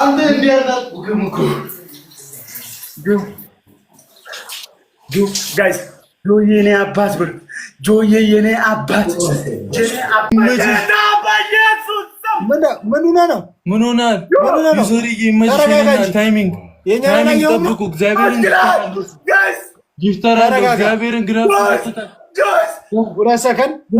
አንተ እንዲያናቁ ግም እኮ ግም ግም ጋይስ ጆዬ የኔ አባት ብር ጆዬ የኔ አባት ምን ሆነ ነው? ምን ሆነ ነው? ዙሪዬ ይመችሽ። ታይሚንግ ታይሚንግ ጠብቁ። እግዚአብሔርን ጊፍተር እግዚአብሔርን ግራ ሁለት ሰከንድ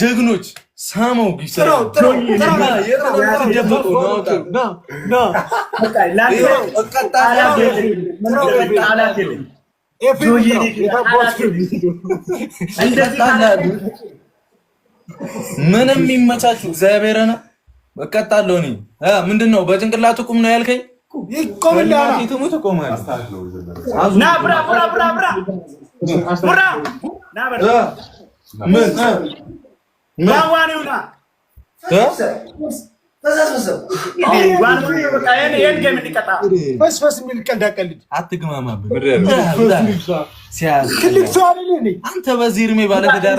ጀግኖች ሳመው ምንም የሚመቻችሁ እግዚአብሔር ነው። እቀጣለሁ። እኔ ምንድን ነው በጭንቅላት ቁም ነው ያልከኝ? አንተ በዚህ እድሜ ባለትዳር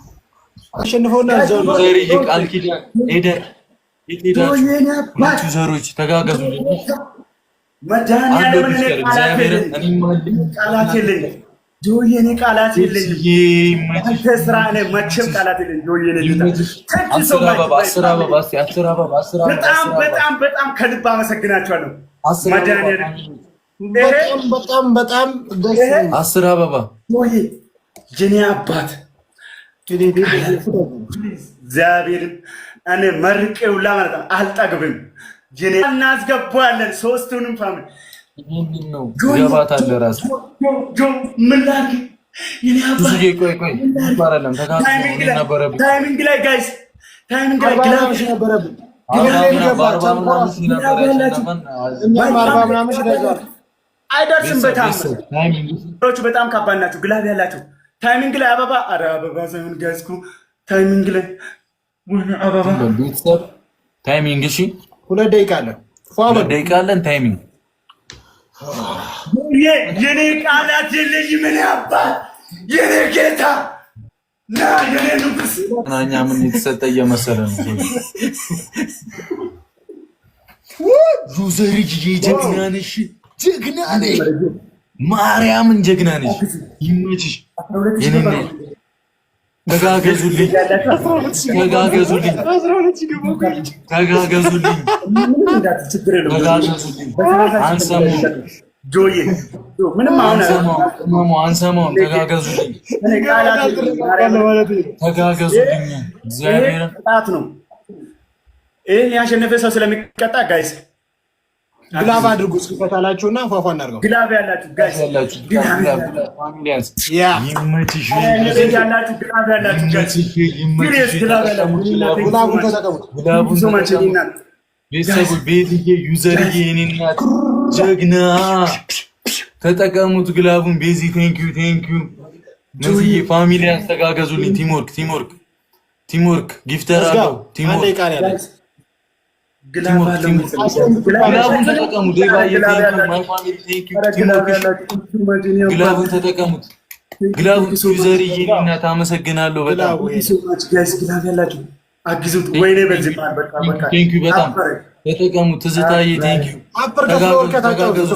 አሸንፈውና ዘሮች ተጋገዙ። ቃላት ቃላት የለኝም። በጣም በጣም ከልብ አመሰግናቸዋለሁ። በጣም በጣም አስር አበባ ጆዬ፣ የኔ አባት እግዚአብሔርን እኔ መርቄ ሁላ ማለት ነው አልጠግብም። እናስገባዋለን ሶስቱንም ፋሚሊ ታይሚንግ ላይ ጋይስ አይደርስም። በጣም በጣም ከባድ ናቸው ግላብ ያላቸው ታይሚንግ ላይ አበባ አረ አበባ ሳይሆን ጋዝኩ ታይሚንግ ላይ ወይ አበባ ቤተሰብ ታይሚንግ እሺ፣ ሁለት ደቂቃ አለን፣ ሁለት ደቂቃ አለን። ታይሚንግ የኔ ቃላት የለኝ። ምን ያባ የኔ ጌታ ና የኔ ንጉስ ናኛ ምን የተሰጠ እየመሰለ ነው ሩዘርጅ የጀግና ነሽ ጀግና ነሽ ማርያምን ጀግና ነሽ። ይመችሽ። ተጋገዙልኝ፣ ተጋገዙልኝ፣ ተጋገዙልኝ፣ አንሰማውም። ተጋገዙልኝ፣ ተጋገዙልኝ። እግዚአብሔር ነው። ይህን ያሸነፈ ሰው ስለሚቀጣ ጋይስ ግላብ አድርጉ ጽፈት አላችሁና ፏፏ እናድርገው። ግላብ ያላችሁ ጋሽ ጀግና ተጠቀሙት፣ ግላቡን ቤዚ ቴንኪዩ ቴንኪዩ። መስዬ ፋሚሊ ጊፍተር አለው ግላቡን ተጠቀሙት። ግላቡን ዩዘር እናት አመሰግናለሁ። በጣም አግዙት። ወይኔ በዚህ በጣም ትዝታዬ ተጋገዙ፣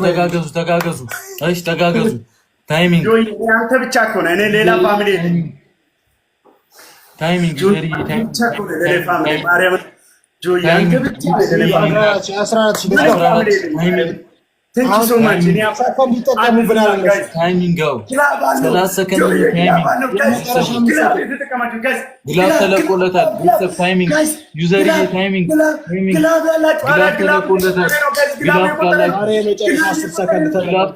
ተጋገዙ፣ ተጋገዙ። እሺ ተጋገዙ። ታይሚንግ አንተ ብቻ ከሆነ እኔ ሌላ ፋሚሊ ታይሚንግ ወይኔ ብሩኬ ይዘርዬ ግላብ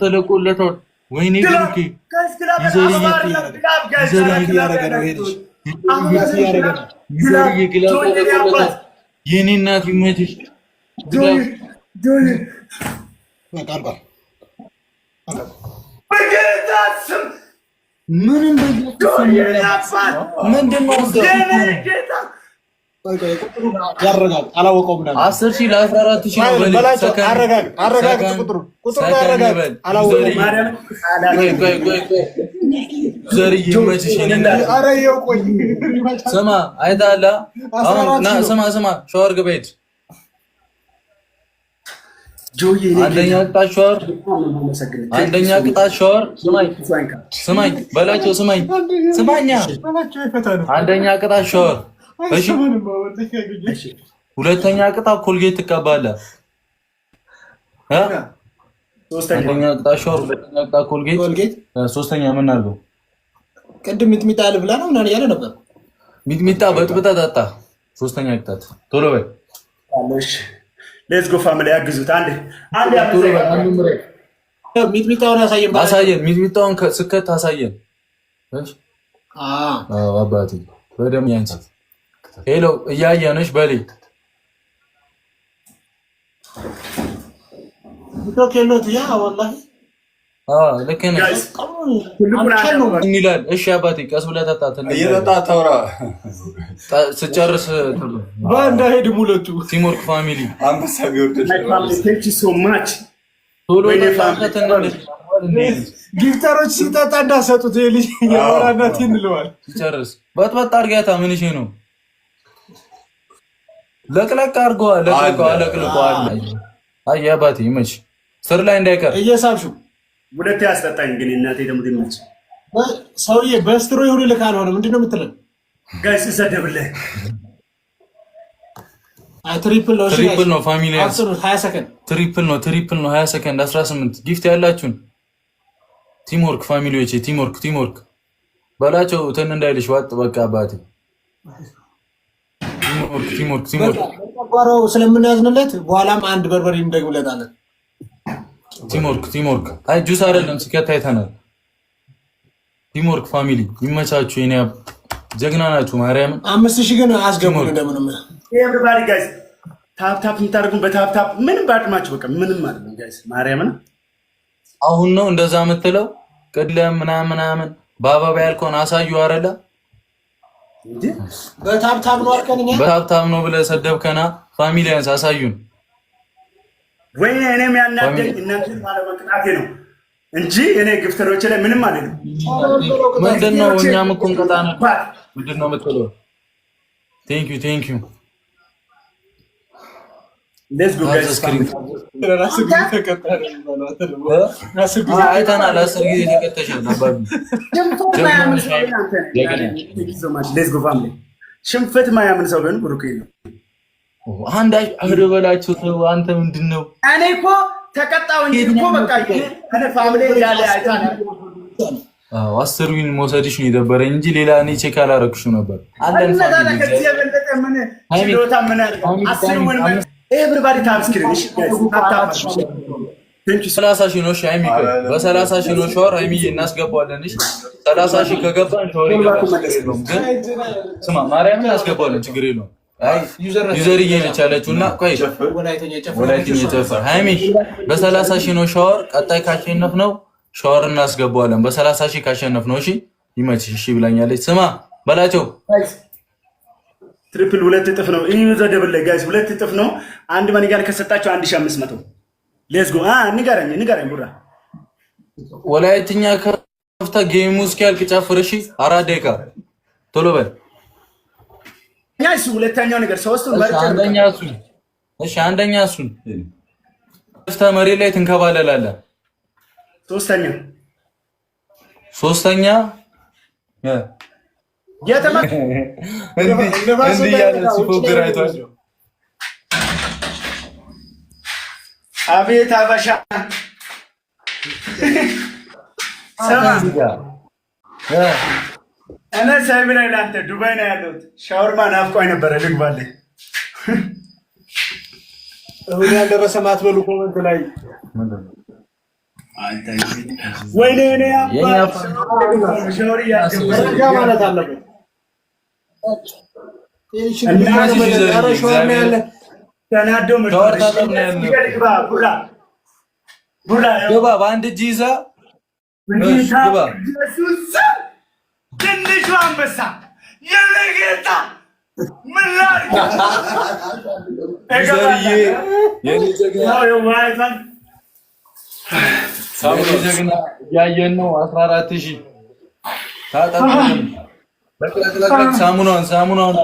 ተለቆለታል። የኔ እናት ይመችሽ። ምንም ምንድን ነው ያረጋግጥ አላወቀውም። አስር ሺህ ለአስራ አራት ሺህ ስማ፣ አይተሃል? ስማ ስማ፣ ግባ ሂድ። አንደኛ ቅጣት ሻወር፣ አንደኛ ቅጣት ሻወር። ስማኝ በላቸው፣ ስማኝ፣ ስማኛ። አንደኛ ቅጣት ሻወር አንደኛ ቅጣት ስማኝ በላቸው ስማኝ ስማኛ አንደኛ ቅጣት ሁለተኛ ቅጣ ኮልጌት ትቀባለህ። አንደኛ ቅጣ ሾር፣ ሁለተኛ ቅጣ ኮልጌት፣ ሶስተኛ ምን አድርገው? ቅድም ሚጥሚጣ ልብላ ነው ምናምን እያለ ነበር። ሚጥሚጣ በጥብጠህ ጠጣ። ሶስተኛ ቅጣት ቶሎ በል። ሌትስ ጎ ፋሚሊ ያግዙት። አንድ አንድ ሚጥሚጣውን አሳየን፣ አሳየን። ሚጥሚጣውን ስከት አሳየን። አባቴ በደምብ ያንሳት ሄሎ፣ እያየነሽ በሌ ልክ ነህ። እሺ አባቴ፣ ቀስ ብለህ ስጨርስ ቲሞርክ ፋሚሊ ጊፍተሮች ሲጠጣ እንዳሰጡት ልጅ የወራናት ይንለዋል። ስጨርስ አድርጊያታ። ምን ነው ለቅለቅ አድርገዋል። ለቅለቀዋ ለቅልቀዋል። አይ አባቴ ይመች ስር ላይ እንዳይቀር እየሳብሹ ሁለት ያስጠጣኝ ግን እናቴ ደግሞ ድመች ሰውዬ በስትሮ የሆኑ ልካ ነው ነው ምንድነው ጋይስ ሰደብለ ትሪፕል ነው ትሪፕል ፋሚሊ ትሪፕል ነው ትሪፕል ነው ሀያ ሰከንድ አስራ ስምንት ጊፍት ያላችሁን ቲምወርክ ፋሚሊዎች ቲምወርክ ቲምወርክ በላቸው ትን እንዳይልሽ ዋጥ በቃ አባቴ ጓሮው ስለምናያዝንለት በኋላም አንድ በርበሬ እንደግብለታለን። ቲሞርክ ቲሞርክ፣ አይ ጁስ አይደለም ሲከታ አይተናል። ቲሞርክ ፋሚሊ ይመቻችሁ፣ የኔ ጀግና ናችሁ። ማርያምን አምስት ሺህ ግን አስገቡ። እንደምንም ጋይስ ታፕታፕ የምታደርጉ በታፕታፕ ምንም በአቅማችሁ በቃ ምንም አይደለም ጋይስ። ማርያምን አሁን ነው እንደዛ የምትለው ቅድም ምናምን ምናምን በአባባ ያልከውን አሳዩ አረላ በታብታብ ነው ብለህ ሰደብከና፣ ፋሚሊያንስ አሳዩን ወይ? እኔም ያናደኝ እናንተ ባለመቅጣቴ ነው እንጂ እኔ ግፍተሮች ላይ ምንም አለ ምንድን ነው? እኛም እኮ እንቀጣ ነው ምንድን ነው የምትለው? ቴንክ ዩ ቴንክ ዩ ሽንፈት ማያምን ሰው ግን ብሩክ ነው። አንድ አህዶ በላቸው ሰው አንተ ምንድን ነው? እኔ እኮ ተቀጣው እንጂ እኮ በቃ ፋሚሊ ያለ አስሩን መውሰድሽ ነው የደበረኝ እንጂ ሌላ እኔ ቼክ አላረግሽም ነበር። አንተ ምን ኤቭሪባዲ ታም ስክሪን እሺ ጋይስ አታማሽ ሰላሳ ሺህ በሰላሳ ሺህ ነው ሻወር አይሚዬ እናስገባዋለን። ሰላሳ ሺህ ከገባን ሻወር ግን ስማ ማርያም እናስገባዋለን፣ ችግር የለውም። ዩዘር እየሄደች ያለችው እና ቆይ ወላይትኛ የጨፈር ሃይሚ በሰላሳ ሺህ ነው ሻወር። ቀጣይ ካሸነፍ ነው ሻወር እናስገባዋለን። በሰላሳ ሺህ ካሸነፍ ነው እሺ ይመችሽ። እሺ ብላኛለች። ስማ በላቸው ትሪፕል ሁለት እጥፍ ነው ይህ ዘደብል ጋይስ ሁለት እጥፍ ነው አንድ መኒጋር ከሰጣቸው አንድ ሺህ አምስት መቶ ሌስ ጎ ንገረኝ ንገረኝ ቡራ ወላይትኛ ከፍታ ጌሙ እስኪያልቅ ጨፍር። እሺ አራት ደቂቃ ቶሎ በል። እሱ ሁለተኛው ነገር ሶስቱን መርጬ አንደኛ እሱ እሺ አንደኛ እሱ ከፍታ መሬት ላይ ትንከባለላለህ። ሶስተኛ ሶስተኛ የተማ እንዲህ ያለ ሲፎግራይቷቸው አቤት አበሻ እነ ሳይብ ላይ ለአንተ ዱባይ ነው ያለሁት። ሻወርማ ናፍቆኝ ነበረ ልግባልህ። እሁን ያልደረሰ ማትበሉ ኮመንት ላይ ወይኔ እኔ ሻወር ማለት አለበት። ግባ በአንድ እጅ ይዛ ትንሹ አንበሳ የለጌታ ጀግና እያየን ነው። አስራ አራት ሺህ ሳሙናውን ሳሙናውን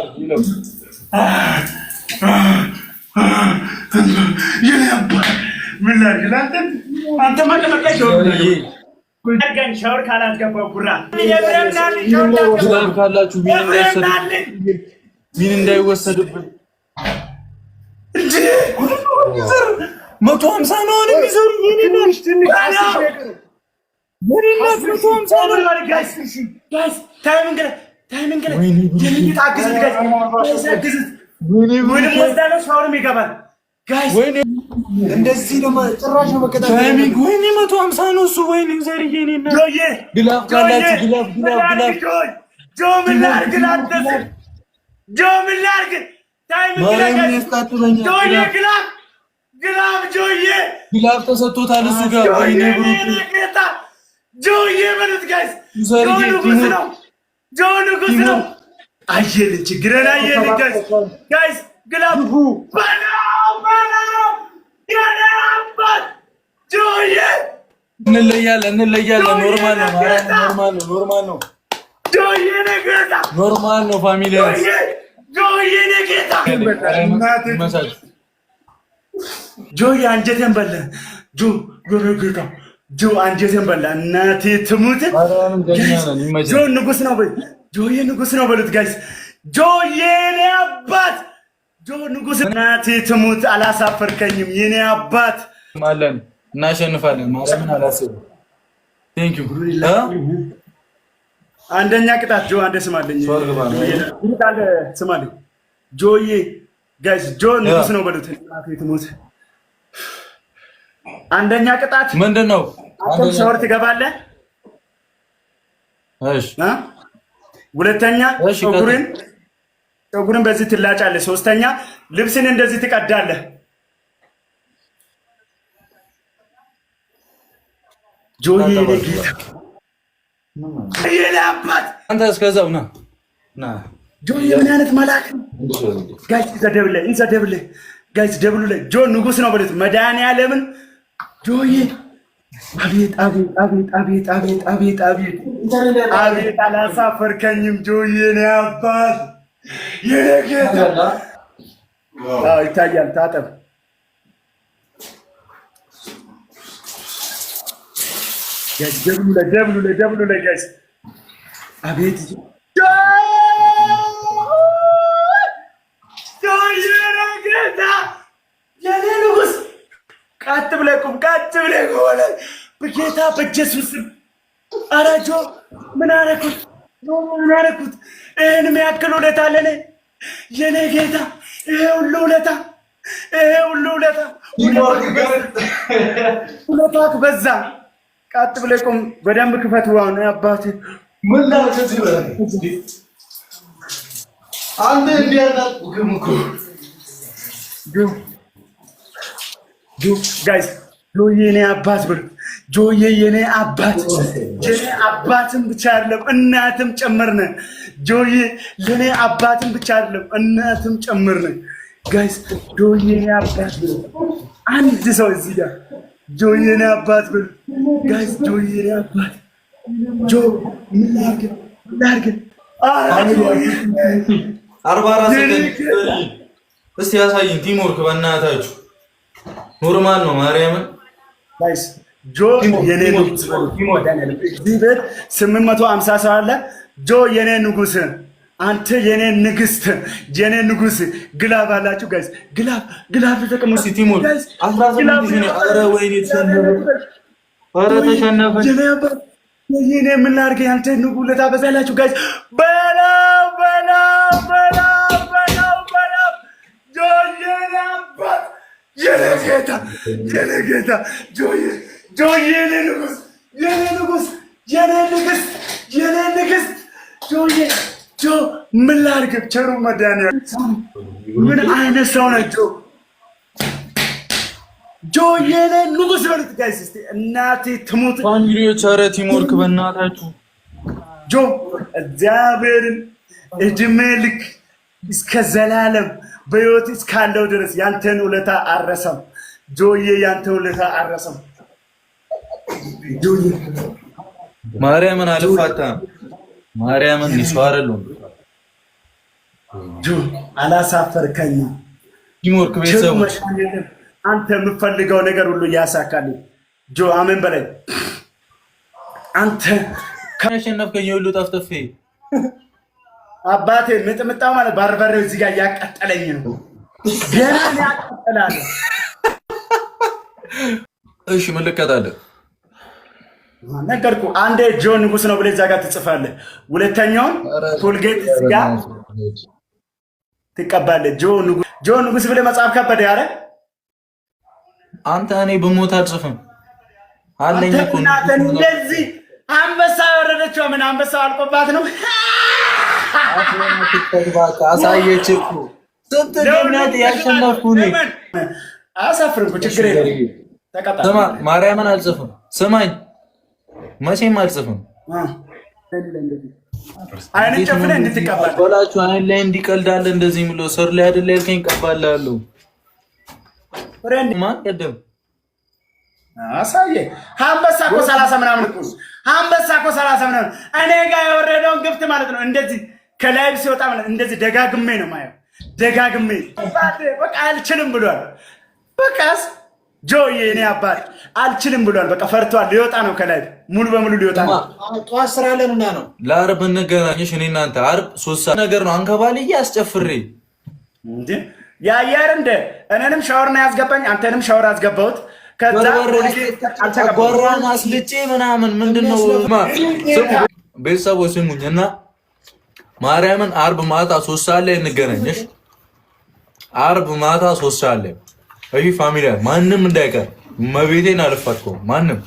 ምን ላድርግ ለአንተ አንተማ ተመለሽ ገን ሻወር ካላስገባው ጉራ ካላችሁ ሚን እንዳይወሰድብን መቶ ሀምሳ ነው አሁንም ይዘሩ ታይም እንግዲህ ታይም እንግዲህ ሻወርም ግላፍ ተሰጥቶታል እሱ ጋር ወይኔ ጆዬ በሉት ጋይስ ጆ ንጉስ ነው። ጆ ንጉስ ነው። አየል ችግረን አየል ጋይስ ግላብ እንለያለን እንለያለን። ኖርማል ነው ኖርማል ነው ኖርማል ነው ኖርማል ነው። ፋሚሊ ጆዬ አንጀቴን በለ ጆ የኔ ጌታ ጆ አንጀቴን በለ እናቴ ትሙት ጆ ንጉስ ነው በይ ጆዬ ንጉስ ነው በሉት ጋይስ። ጆዬ የኔ አባት ጆ ንጉስ እናቴ ትሙት፣ አላሳፈርከኝም የኔ አባት። ማለን እናሸንፋለን። ማለምን አላስብ አንደኛ ቅጣት ጆ አንደ ስማለኝ ስማለኝ ጆዬ ጋይስ ጆ ንጉስ ነው በሉት ናቴ ትሙት። አንደኛ ቅጣት ምንድን ነው? አቶም ሻወር ትገባለህ። እሺ ሁለተኛ ጸጉርን ጸጉርን በዚህ ትላጫለህ። ሶስተኛ ልብስን እንደዚህ ትቀዳለህ። ጆዬ ጌታ ይላባት አንተ እስከዛው ና ና አይነት መልአክ ጋይስ ጋይስ ጆ ንጉስ ነው በሉት መድኃኒዓለምን ጆዬ አቤት አቤት አቤት አቤት አቤት አቤት አቤት አቤት አላሳፈርከኝም። ጆዬ የኔ አባት የኔ ጌታ ይታያል። ታጠብ ደብሉ ለደብሉ ለደብሉ ለገስ አቤት ቀጥ ብለህ ቁም፣ ቀጥ ብለህ ቁም። በጌታ በኢየሱስ አራጆ ጆ ምን አደረኩት? ምን አረኩት? ይህን የሚያክል ውለታ ለኔ የኔ ጌታ፣ ይሄ ሁሉ ውለታ፣ ይሄ ሁሉ ውለታ፣ ውለታክ በዛ። ቀጥ ብለህ ቁም። በደንብ ክፈት። ዋውን አባት ምን ላርገዝ ይበላል አንድ እንዲያጣቁ ግምኩ ጋይስ ጆዬ የኔ አባት ብር ጆዬ የኔ አባት የኔ አባትም ብቻ አይደለም እናትም ጨምርነ። ጆዬ ለኔ አባትም ብቻ አይደለም እናትም ጨምርነ። ጋይስ ጆዬ የኔ አባት ብር አንድ ሰው እዚህ ጋር ጆዬ የኔ አባት ብር ጋይስ ጆዬ የኔ አባት ጆ ምን ላድርግ ምን ላድርግ አርባ አራት እስቲ ያሳይን ቲሞርክ በእናታችሁ ኖርማል ነው። ማርያምን ጆ የኔ ንጉስ ስምንት መቶ ሀምሳ ሰው አለ። ጆ የኔ ንጉስ፣ አንተ የኔ ንግስት፣ የኔ ንጉስ። ግላብ አላችሁ ጋይስ፣ ግላብ ግላብ ተጠቅሙ። የኔ ምን ላድርግ? አንተ ንጉ ለታበዛላችሁ ጋይስ በላ Yenegeeta! Yenegeeta! Joy! Joy yenenigus! Yenenigus! Yenenigus! Yenenigus! Joy! ጆ ምን ላድርግ? ቸሩ መድኃኒዓለም ምን አይነት ሰው ነው ጆ? ጆ የኔ ንጉስ በሉት ጋይስ፣ እስቲ እናቴ ትሙት። ፋሚሊዎች ኧረ ቲምወርክ በእናታችሁ ጆ እግዚአብሔርን እድሜ ልክ እስከ ዘላለም በህይወት እስካለው ድረስ ያንተን ውለታ አረሰም ጆዬ፣ ያንተን ውለታ አረሰም ማርያምን አልፋታ ማርያምን ይሷረሉ ጆ አላሳፈርከኝ። ቲሞርክ ቤተሰቦች አንተ የምፈልገው ነገር ሁሉ ያሳካል። ጆ አመን በላይ አንተ ካሸነፍከኝ ሁሉ ጠፍጥፌ አባቴ ምጥምጣው ማለት ባርበሬው እዚህ ጋር እያቀጠለኝ ነው። ገና ያቀጠላል። እሺ ምን ልቀጣለህ? ነገርኩህ። አንዴ ጆን ንጉስ ነው ብለህ እዛ ጋር ትጽፋለህ። ሁለተኛውን ቶልጌት እዚህ ጋር ትቀባለህ። ጆን ንጉስ ብለህ መጽሐፍ ከበደ ያረ አንተ እኔ በሞት አልጽፍም አለኝ እኮ እንደዚህ አንበሳ የወረደችው ምን አንበሳ አልቆባት ነው አሳየች እኮ ስንት ገነት ያሸነፍኩ አያሳፍርም። ችግር የለም ማርያምን አልጽፍም። ስማኝ መቼም አልጽፍም። ቆላችሁ አይን ላይ እንዲቀልዳለ እንደዚህ ምሎ ስር ላይ አይደለ ያልከኝ ቀባላለሁ። ማን ቀደም አሳየ አንበሳ እኮ ሰላሳ ምናምን እኮ አንበሳ እኮ ሰላሳ ምናምን እኔ ጋር የወረደውን ግብት ማለት ነው እንደዚህ ከላይብ ሲወጣ እንደዚህ ደጋግሜ ነው ማየው። ደጋግሜ በቃ አልችልም ብሏል። በቃስ ጆዬ እኔ አባት አልችልም ብሏል። በቃ ፈርቷል። ሊወጣ ነው ከላይብ ሙሉ በሙሉ ሊወጣ ነው። ጠዋት ስራ ለምና ነው ለአርብ እንገናኘሽ። እኔ እናንተ አርብ ሶስት ነገር ነው አንከባልዬ አስጨፍሬ እንዴ የአየር እንደ እኔንም ሻወር ነው ያስገባኝ። አንተንም ሻወር አስገባሁት። ከዛ ጎራን አስልጬ ምናምን ምንድን ነው ቤተሰቦች ስሙኝ እና ማርያምን አርብ ማታ ሶስት ሰዓት ላይ እንገናኘሽ። አርብ ማታ ሶስት ሰዓት ላይ እሺ ፋሚሊያ፣ ማንም እንዳይቀር መቤቴን አልፋትኩም ማንም